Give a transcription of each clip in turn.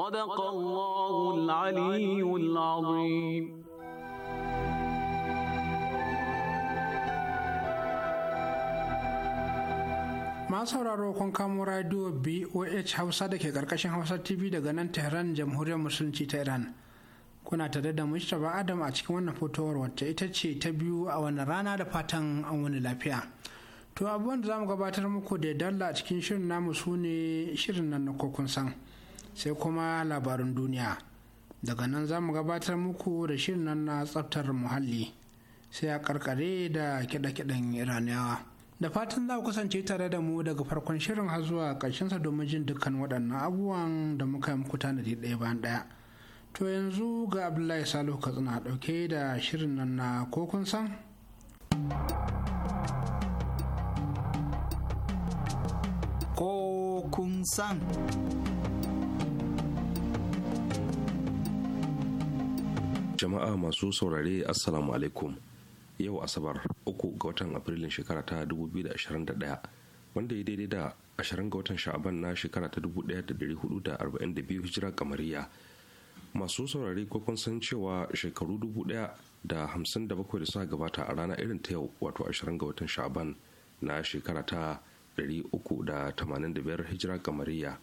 صدق الله العلي العظيم masu sauraro kun kamo radio boh hausa da ke karkashin hausa tv daga nan tehran jamhuriyar musulunci ta iran kuna tare da mustapha adam a cikin wannan fotowar wacce ita ce ta biyu a wani rana da fatan an wani lafiya to abubuwan da za mu gabatar muku da dalla a cikin shirin namu su ne shirin nan na kokun san sai kuma labarin duniya daga nan za mu gabatar muku da shirin nan na tsaftar muhalli sai a karkare da kiɗa-kiɗan iraniyawa da fatan za ku kasance tare da mu daga farkon shirin har zuwa sa domin jin dukkan waɗannan abubuwan da muka yi muku tanadi ɗaya bayan ɗaya to yanzu ga abdullahi salihu katsina ɗauke da shirin nan na ko san ko san jama'a masu saurare assalamu alaikum yau asabar uku ga watan afrilun shekara ta 2021 wanda ya daidai da 20 ga watan sha'aban na shekara ta 1442 hijira kamariya masu saurare ko kun san cewa shekaru 1057 da suka gabata a rana irin ta yau wato 20 ga watan sha'aban na shekara ta 385 hijira kamariya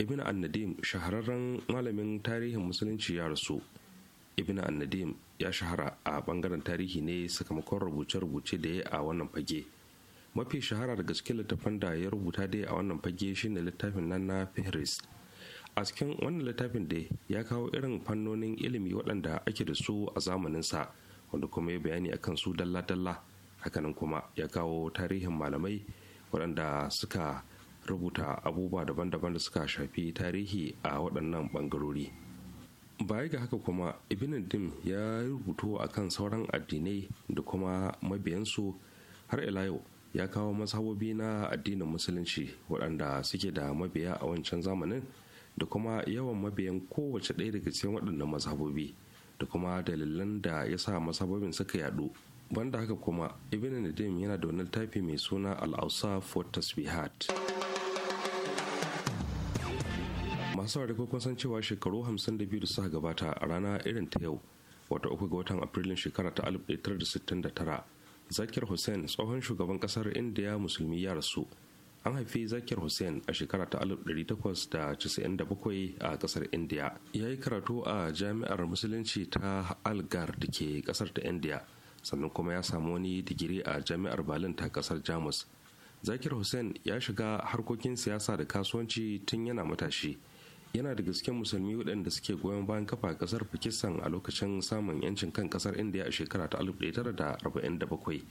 ibn annadim shahararren malamin tarihin musulunci ya rasu ibn al annadim ya shahara a bangaren tarihi ne sakamakon rubuce-rubuce da ya a wannan fage mafi shahara da gaske littafin da ya rubuta dai a wannan fage shine littafin nan na fihris a cikin wannan littafin dai ya kawo irin fannonin ilimi waɗanda ake da su a zamaninsa wanda kuma ya bayani akan su dalla-dalla hakanan kuma ya kawo tarihin malamai waɗanda suka rubuta abubuwa daban-daban da suka shafi tarihi a waɗannan ɓangarori. baya ga haka kuma ibn dim ya rubuto a kan sauran addinai da kuma mabiyansu har ila yau ya kawo masahobi na addinin musulunci waɗanda suke da mabiya a wancan zamanin da kuma yawan mabiyan kowace ɗaya daga cikin waɗannan masahobi da kuma dalilan da ya sa masahobin suka yaɗu banda haka kuma ibn yana da wani littafi mai suna al-ausaf tasbihat masu saurari ko kun san cewa shekaru 52 da suka gabata a rana irin ta yau wata uku ga watan afrilun shekara ta 1969 zakir hussein tsohon shugaban kasar indiya musulmi ya rasu an haifi zakir hussein a shekara ta 1897 a kasar indiya ya yi karatu a jami'ar musulunci ta algar da ke kasar ta indiya sannan kuma ya samu wani digiri a jami'ar balin ta kasar jamus zakir hussein ya shiga harkokin siyasa da kasuwanci tun yana matashi yana da gaske musulmi waɗanda suke goyon bayan kafa ƙasar pakistan a lokacin samun yancin kan ƙasar india a shekara ta 1947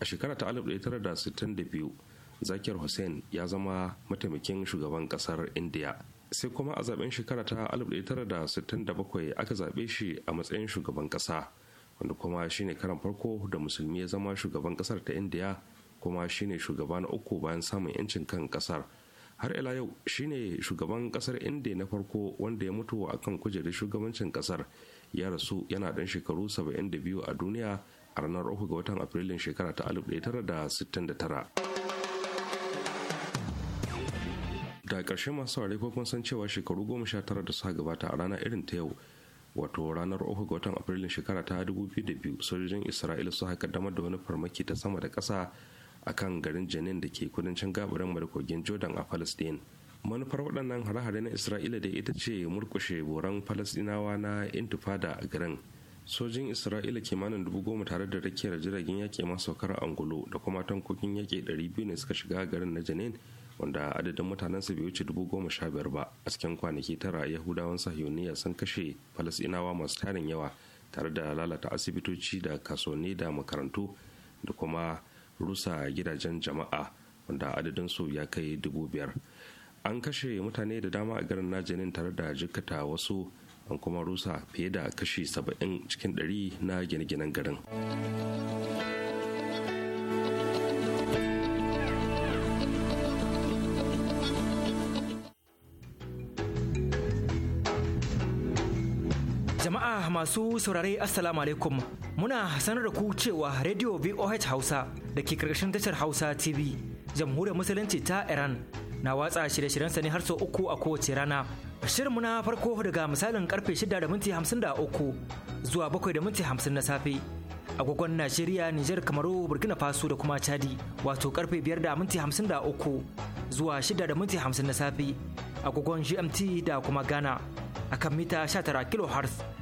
a shekara ta 1962 zakir hussein ya zama mataimakin shugaban ƙasar india sai kuma a zaben shekara ta 1967 aka zaɓe shi a matsayin shugaban ƙasa wanda kuma shine karan farko da musulmi ya zama shugaban ƙasar ta india kuma shine shugaba na uku bayan samun yancin kan ƙasar har ila yau shine shugaban kasar indiya na farko wanda ya mutu a kan kujerar shugabancin kasar ya rasu yana dan shekaru 72 a duniya a ranar 3 ga watan afrilun shekara ta 1969 da ƙarshe masu saurari ko kun san cewa shekaru goma sha tara da suka gabata a rana irin ta yau wato ranar 3 ga watan afrilun shekara ta 2002 sojojin isra'ila suka kaddamar da wani farmaki ta sama da ƙasa Akan garin janin da ke kudancin gabar da kogin jordan a palestine manufar waɗannan hare-hare na isra'ila da ita ce murkushe boran palestinawa na intifada a garin sojin isra'ila kimanin dubu goma tare da rakiyar jiragen yaƙi saukar angulo da kuma tankokin yaƙi ɗari biyu ne suka shiga garin na janin wanda adadin mutanensa bai wuce dubu goma sha biyar ba a cikin kwanaki tara yahudawan sahiyoniya sun kashe falasinawa masu tarin yawa tare da lalata asibitoci da kasuwanni da makarantu da kuma rusa gidajen jama'a wanda adadin su ya kai dubu biyar an kashe mutane da dama a garin najanin tare da jikata wasu an kuma rusa fiye da kashi saba'in cikin ɗari na gine-ginen garin Masu saurare Assalamu alaikum muna sanar da ku cewa Radio VOH Hausa da ke karkashin tashar Hausa TV jamhuriyar musulunci ta Iran na watsa shirye shiryen ne har sau uku a kowace rana. shirin na farko daga misalin karfe shida da minti hamsin da uku zuwa bakwai da minti hamsin na safe. agogon Najeriya, Nijar, Kamaru, Burkina Faso da kuma Chadi wato karfe 5 da minti 53 zuwa 6 da minti 50 na safe agogon GMT da kuma Ghana akan mita 19 kHz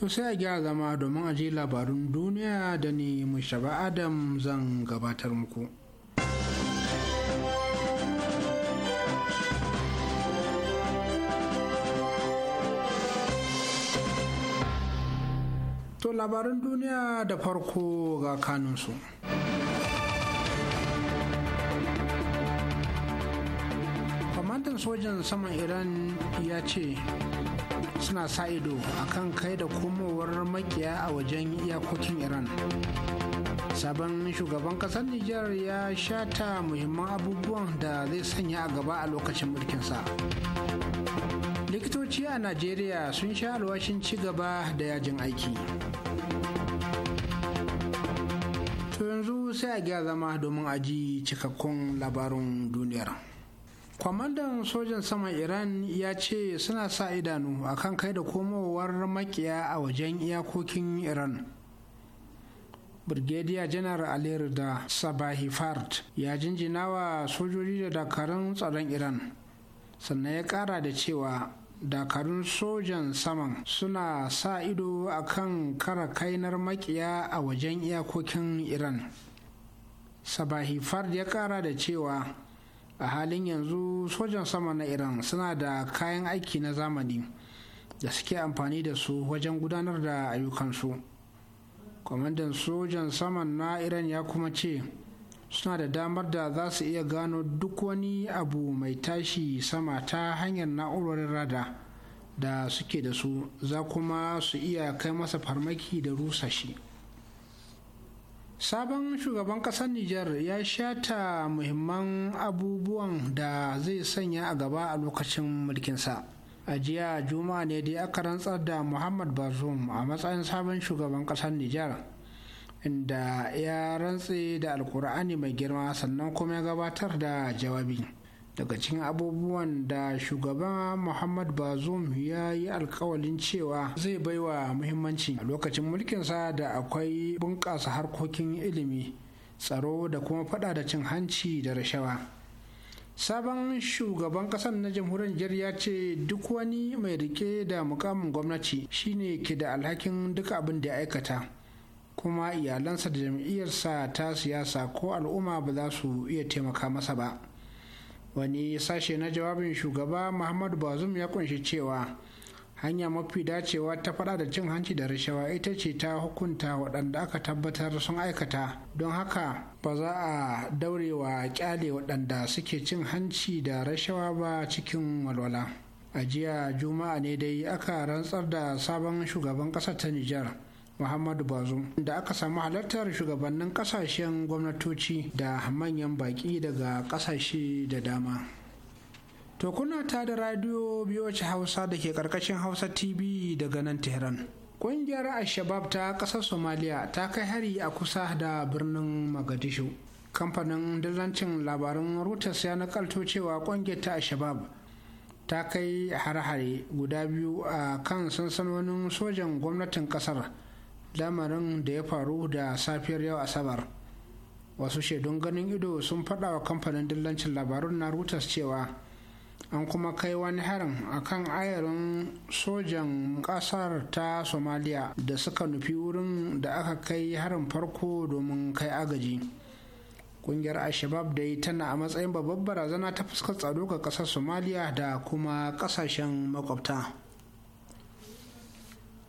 To sai a gyara zama domin a je labarun duniya da ni Mushaba Adam zan gabatar muku. To labarun duniya da farko ga kanunsu. Kwamandan sojan saman Iran ya ce suna sa ido a kan kai da komowar makiya a wajen iyakokin iran sabon shugaban kasar nijar ya shata muhimman abubuwan da zai sanya a gaba a lokacin mulkinsa likitoci a najeriya sun sha alwashin ci gaba da yajin aiki to yanzu sai a gya zama domin aji cikakkun labarin duniyar. kwamandan sojan saman iran ya ce suna sa idanu akan kai da komowar makiya a wajen iyakokin iran Birgediya janar alir da sabahi fard ya jinjina wa sojoji da dakarun tsaron iran sannan ya kara da cewa dakarun sojan saman suna sa ido akan kara kainar makiya a wajen iyakokin iran sabahi fard ya kara da cewa a halin yanzu sojan sama na iran suna da kayan aiki na zamani da suke amfani da su wajen gudanar da ayyukansu kwamandan sojan saman na iran ya kuma ce suna da damar da za su iya gano duk wani abu mai tashi sama ta hanyar na'urorin rada da suke da su za kuma su iya kai masa farmaki da rusa shi. sabon shugaban kasar nijar ya shata muhimman abubuwan da zai sanya a gaba a lokacin mulkinsa a jiya juma'a ne dai aka rantsar da muhammad bazoum a matsayin sabon shugaban kasar nijar inda ya rantse da alkur'ani mai girma sannan kuma ya gabatar da jawabi daga cikin abubuwan da shugaban muhammad bazoum ya yi alkawalin cewa zai baiwa muhimmanci a lokacin mulkinsa da akwai bunƙasa harkokin ilimi tsaro da kuma fada da cin hanci da rashawa sabon shugaban kasar na jamhuriyar ya ce duk wani mai rike da mukamin gwamnati shine ke da alhakin duka abin da ya aikata kuma iyalansa da jam'iyyarsa ta siyasa ko al'umma ba za su iya taimaka masa ba wani sashe na jawabin shugaba muhammadu bazum ya kunshi cewa hanya mafi dacewa ta fada da cin hanci da rashawa ita ce ta hukunta waɗanda aka tabbatar sun aikata don haka ba za a daurewa kyale waɗanda suke cin hanci da rashawa ba cikin walwala a jiya juma'a ne dai aka rantsar da sabon shugaban ƙasar ta nijar muhammadu bazum da aka samu halartar shugabannin kasashen gwamnatoci da manyan baki daga kasashe da dama to kuna ta da radio biyoci hausa da ke karkashin hausa tv daga nan tehran ƙungiyar al ta ƙasar somaliya ta kai hari a kusa da birnin magadishu kamfanin dillancin labarin reuters ya nakalto cewa kungiyar ta al ta kai hare-hare guda biyu a kan sansanonin sojan gwamnatin kasar lamarin da ya faru da safiyar yau asabar wasu shaidun ganin ido sun faɗa wa kamfanin dillancin labarun na rutas cewa an kuma kai wani harin a kan ayarin sojan ƙasar ta somalia da suka nufi wurin da aka kai harin farko domin kai agaji Ƙungiyar ashabab shabab dai tana a matsayin babbar barazana ta fuskar tsaro ga ƙasar Somaliya da kuma ƙasashen makwabta.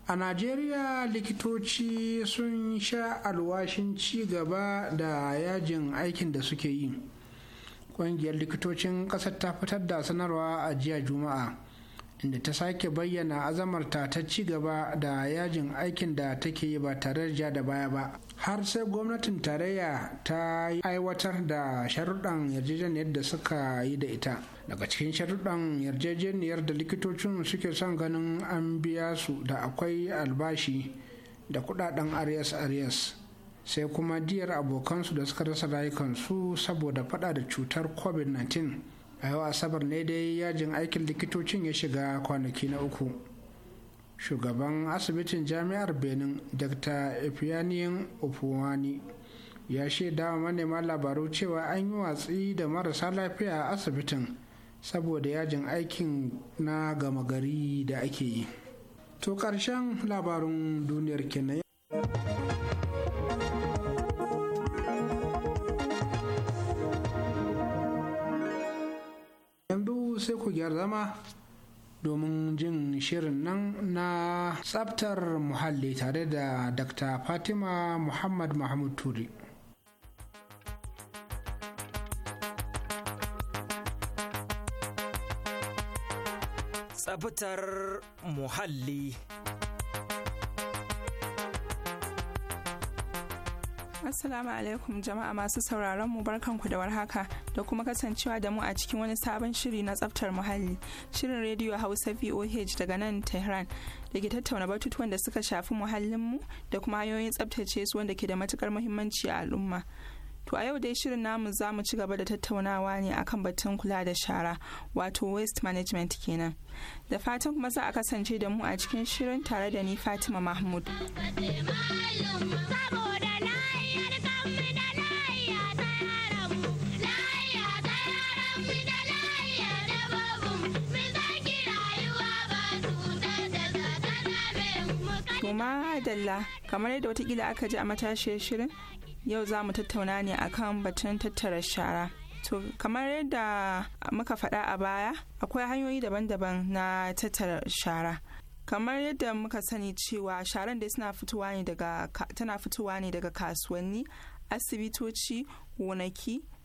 a najeriya likitoci sun sha alwashin ci gaba da yajin aikin da suke yi ƙungiyar likitocin ƙasar ta fitar da sanarwa a jiya juma'a inda ta sake bayyana azamarta ta ci gaba da yajin aikin da take yi ba tare da da baya ba har sai gwamnatin tarayya ta aiwatar da sharuɗan yarjejeniyar da suka yi da ita daga cikin sharuɗan yarjejeniyar da likitocin suke son ganin an biya su da akwai albashi da kudaden arias arias sai kuma diyar abokansu da suka rasa rayukansu saboda fada da cutar covid-19 a yau asabar ne dai yajin aikin likitocin ya shiga kwanaki na uku shugaban asibitin jami'ar benin dr ifiyaniyin ofuwani ya shaidawa manema labaru cewa an yi watsi da marasa lafiya a asibitin saboda yajin aikin na gama gari da ake yi to ƙarshen labarin duniyar kenan yanzu sai ku gyara zama domin jin shirin nan na tsabtar muhalli tare da dr fatima muhammad mahmud turi fitar muhalli. Assalamu alaikum jama'a masu sauraron mu barkanku da warhaka da kuma kasancewa da mu a cikin wani sabon shiri na tsaftar muhalli shirin rediyo Hausa VOH daga nan Tehran da ke tattauna batutuwan da suka shafi muhallinmu da kuma hanyoyin tsaftace su wanda ke da matukar muhimmanci a al'umma. To a yau dai shirin namu za mu ci gaba da tattaunawa ne akan batun kula da shara wato waste management kenan. Da fatan kuma za a kasance da mu a cikin shirin tare da ni Fatima Mahmud. Kuma kamar yadda watakila aka ji a matashiyar shirin yau za mu tattauna ne akan batun tattara shara to kamar yadda muka faɗa a baya akwai hanyoyi daban-daban na tattara shara kamar yadda muka sani cewa sharan dai tana fitowa ne daga kasuwanni asibitoci gonaki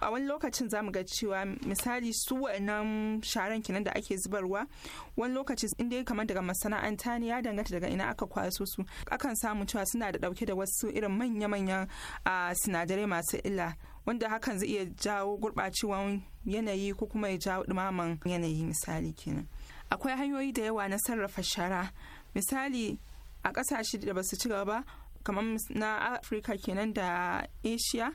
a wani lokacin za mu ga cewa misali su wa'annan sharan kenan da ake zubarwa wani lokaci inda ya kamar daga masana'anta ne ya danganta daga ina aka kwaso su akan samu cewa suna da dauke da wasu irin manya-manyan sinadarai masu illa wanda hakan zai iya jawo gurɓacewan yanayi ko kuma ya jawo ɗumaman yanayi misali kenan akwai hanyoyi da yawa na sarrafa shara misali a kasashe da ba su ci gaba kamar na afirka kenan da asia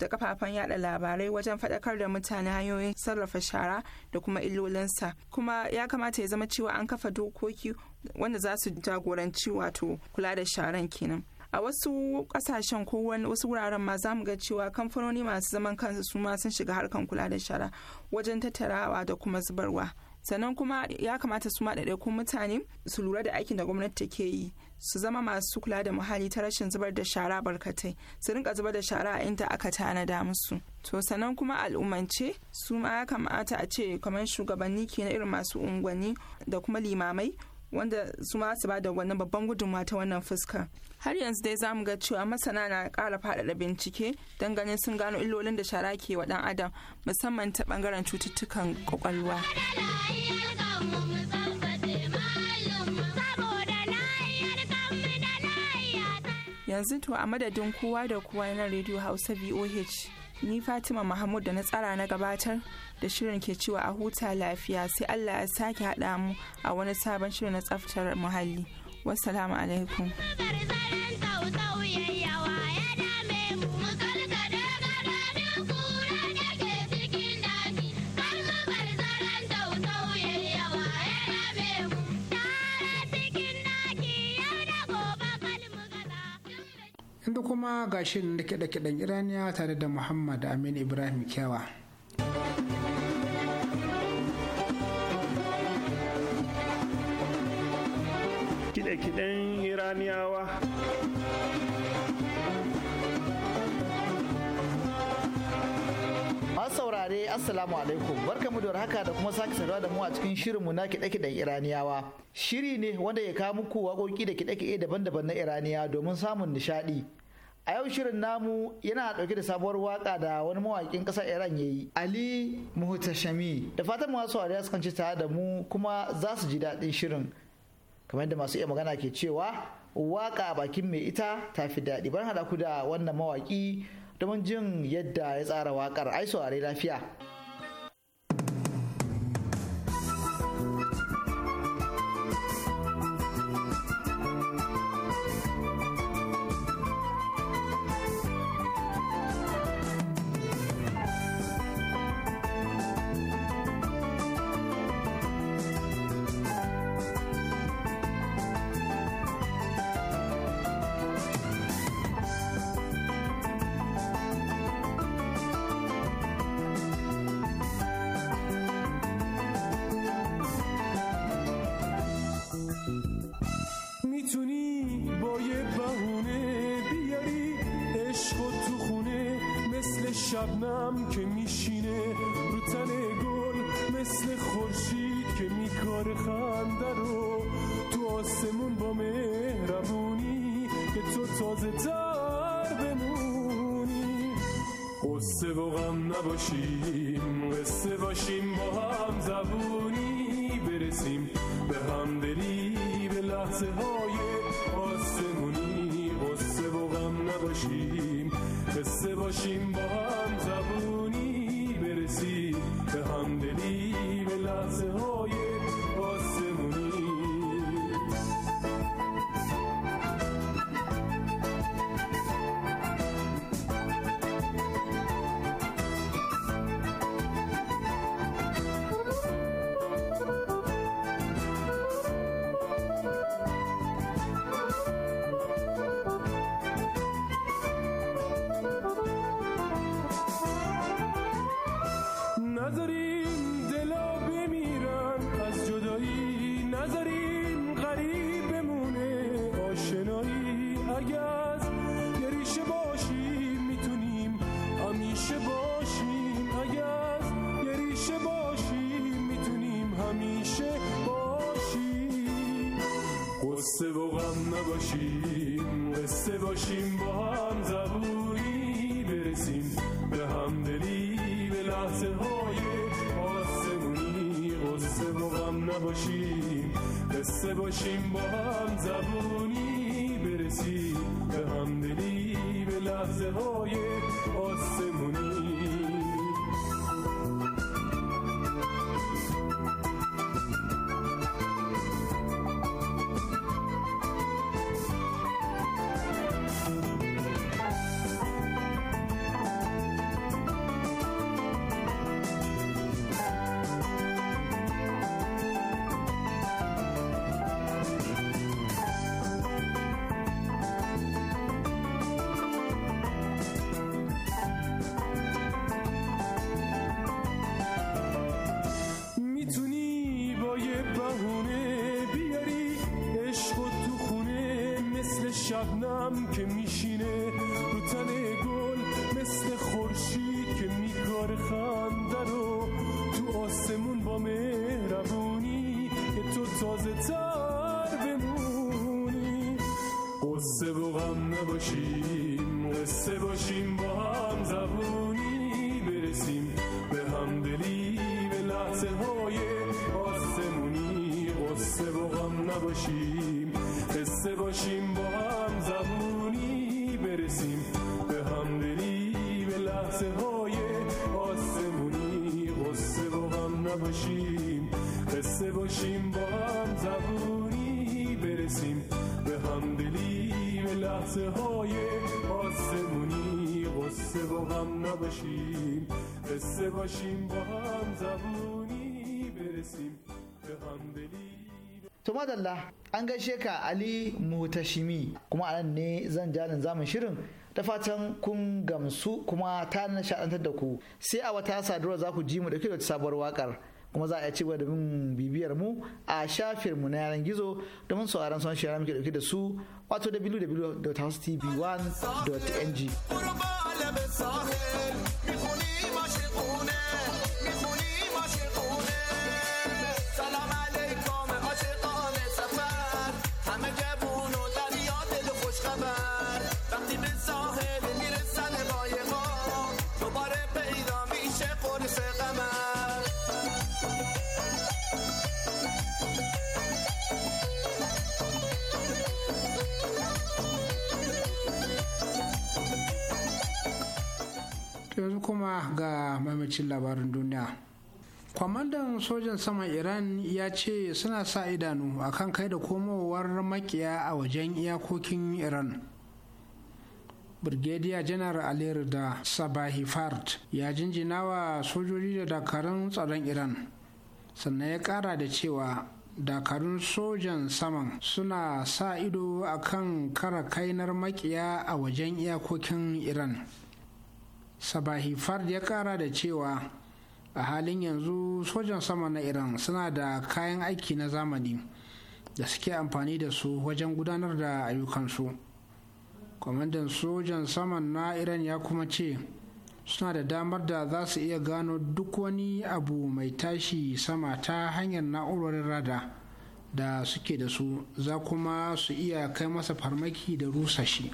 da kafafen yada labarai wajen faɗakar da mutane hanyoyin sarrafa shara da kuma illolinsa kuma ya kamata ya zama cewa an kafa dokoki wanda za su jagoranci wato kula da sharan kenan a wasu kasashen ko wasu wuraren ma za mu ga cewa kamfanoni masu zaman kansu su ma sun shiga harkan kula da shara wajen tattarawa da kuma zubarwa sannan kuma ya kamata su kun mutane su lura da aikin da gwamnati take yi su zama masu kula da muhalli ta rashin zubar da shara barkatai su rinka zubar da shara a inda aka tanada musu to sannan kuma al'ummance su ma ya kamata a ce kamar shugabanni ke na irin masu unguwanni da kuma limamai wanda su ma su ba da wannan babban gudunmawa ta wannan fuska har yanzu dai zamu ga cewa masana na ƙara faɗaɗa bincike don ganin sun gano illolin da shara ke wa dan adam musamman ta bangaren cututtukan ƙwaƙwalwa. yanzu to a madadin kowa da kowa na radio hausa voh ni fatima mahmud da na tsara na gabatar da shirin ke cewa a huta lafiya sai allah ya sake haɗa mu a wani sabon shirin na tsaftar muhalli wassalamu alaikum kuma ga shirin da kiɗe-kiɗen iraniya tare da muhammad amin ibrahim kyawa kiɗa kiɗan iraniyawa saurare assalamu alaikum barkamu da haka da kuma sake saduwa da mu a cikin shirinmu na kiɗe-kiɗen iraniyawa shiri ne wanda ya kawo muku waƙoƙi da kiɗe-kiɗe daban-daban na iraniya domin samun nishaɗi a yau shirin namu yana dauke da sabuwar waka da wani mawakin kasar iran ya yi ali muhtashami da fatan masu wariya su kanci tare da mu kuma za su ji daɗin shirin kamar da masu iya magana ke cewa waka bakin mai ita ta fi daɗi bar hada ku da wannan mawaki domin jin yadda ya tsara wakar ai saurare lafiya. شبنم که میشینه رو تن گل مثل خورشید که میکار خنده رو تو آسمون با مهربونی که تو تازه تر بمونی قصه و غم نباشیم قصه باشیم با هم زبونی برسیم به همدلی به لحظه های آسمونی قصه و غم نباشیم قصه باشیم با هم زبون باشیم با هم زبونی برسیم به همدلی به لحظه های قصه های آسمونی قصه و غم نباشیم قصه باشیم با هم زمونی برسیم به همدلی به لحظه های آسمونی قصه و غم نباشیم قصه باشیم با هم زبونی برسیم به همدلی به لحظه های آسمونی قصه و غم نباشیم قصه باشیم با هم زبونی To madalla an gaishe ka Ali Mutashimi kuma anan ne zan jani zamun shirin da fatan kun gamsu kuma ta nishaɗantar da ku sai a wata saduwar za ku ji mu da dauke da sabuwar wakar kuma za a iya cewa domin bibiyar mu a shafin mu na yaran gizo domin sauraron son shirin muke dauke da su wato www.housetv1.ng cin labarin duniya kwamandan sojan saman iran ya ce suna sa idanu akan kai da komowar makiya a wajen iyakokin iran Brigadier Janar alir da Sabahi Fard ya jinjina wa sojoji da dakarun tsaron Iran. Sannan ya kara da cewa dakarun sojan saman suna sa ido akan kara kainar makiya a wajen iyakokin Iran. sabahi fard ya kara da cewa a halin yanzu sojan sama na iran suna da kayan aiki na zamani da suke amfani da su wajen gudanar da ayyukansu kwamandan sojan sama na iran ya kuma ce suna da damar da za su iya gano duk wani abu mai tashi sama ta hanyar na'urorin rada da suke da su za kuma su iya kai masa farmaki da rusa shi.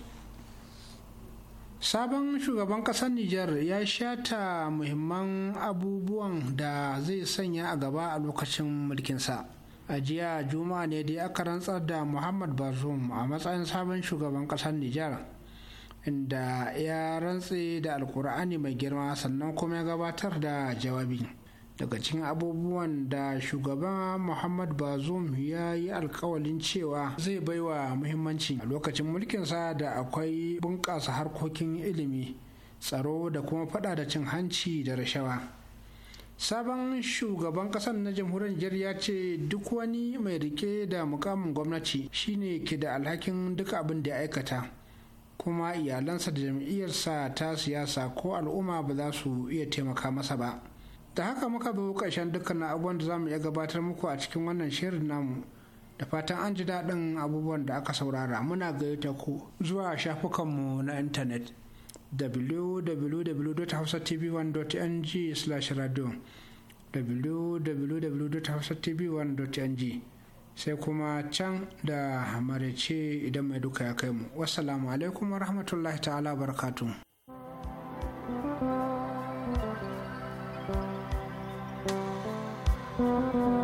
sabon shugaban kasar Nijar ya shata muhimman abubuwan da zai sanya a gaba a lokacin mulkinsa a jiya juma'a ne dai aka rantsar da muhammad bazoum a matsayin sabon shugaban kasar Nijar, inda ya rantse da alkur'ani mai girma sannan kuma ya gabatar da jawabi daga cikin abubuwan da shugaba muhammad bazoum ya yi alkawalin cewa zai baiwa muhimmanci a lokacin mulkinsa da akwai bunƙasa harkokin ilimi tsaro da kuma fada da cin hanci da rashawa sabon shugaban kasar na jamhuriyar nijar ya ce duk wani mai rike da mukamin gwamnati shine ke da alhakin duk abin da ya aikata kuma iyalansa da jam'iyyarsa ta siyasa ko al'umma ba za su iya taimaka masa ba. da haka muka bi ƙarshen dukkanin abubuwan da za mu iya gabatar muku a cikin wannan shirin namu da fatan an ji daɗin abubuwan da aka saurara muna gayyata ku zuwa shafukanmu na intanet www.hausatv1.ng slash radio www.hausatv1.ng sai kuma can da marece idan mai duka ya kai mu wassalamu alaikum wa rahmatullahi ta'ala barakatuhu Thank you.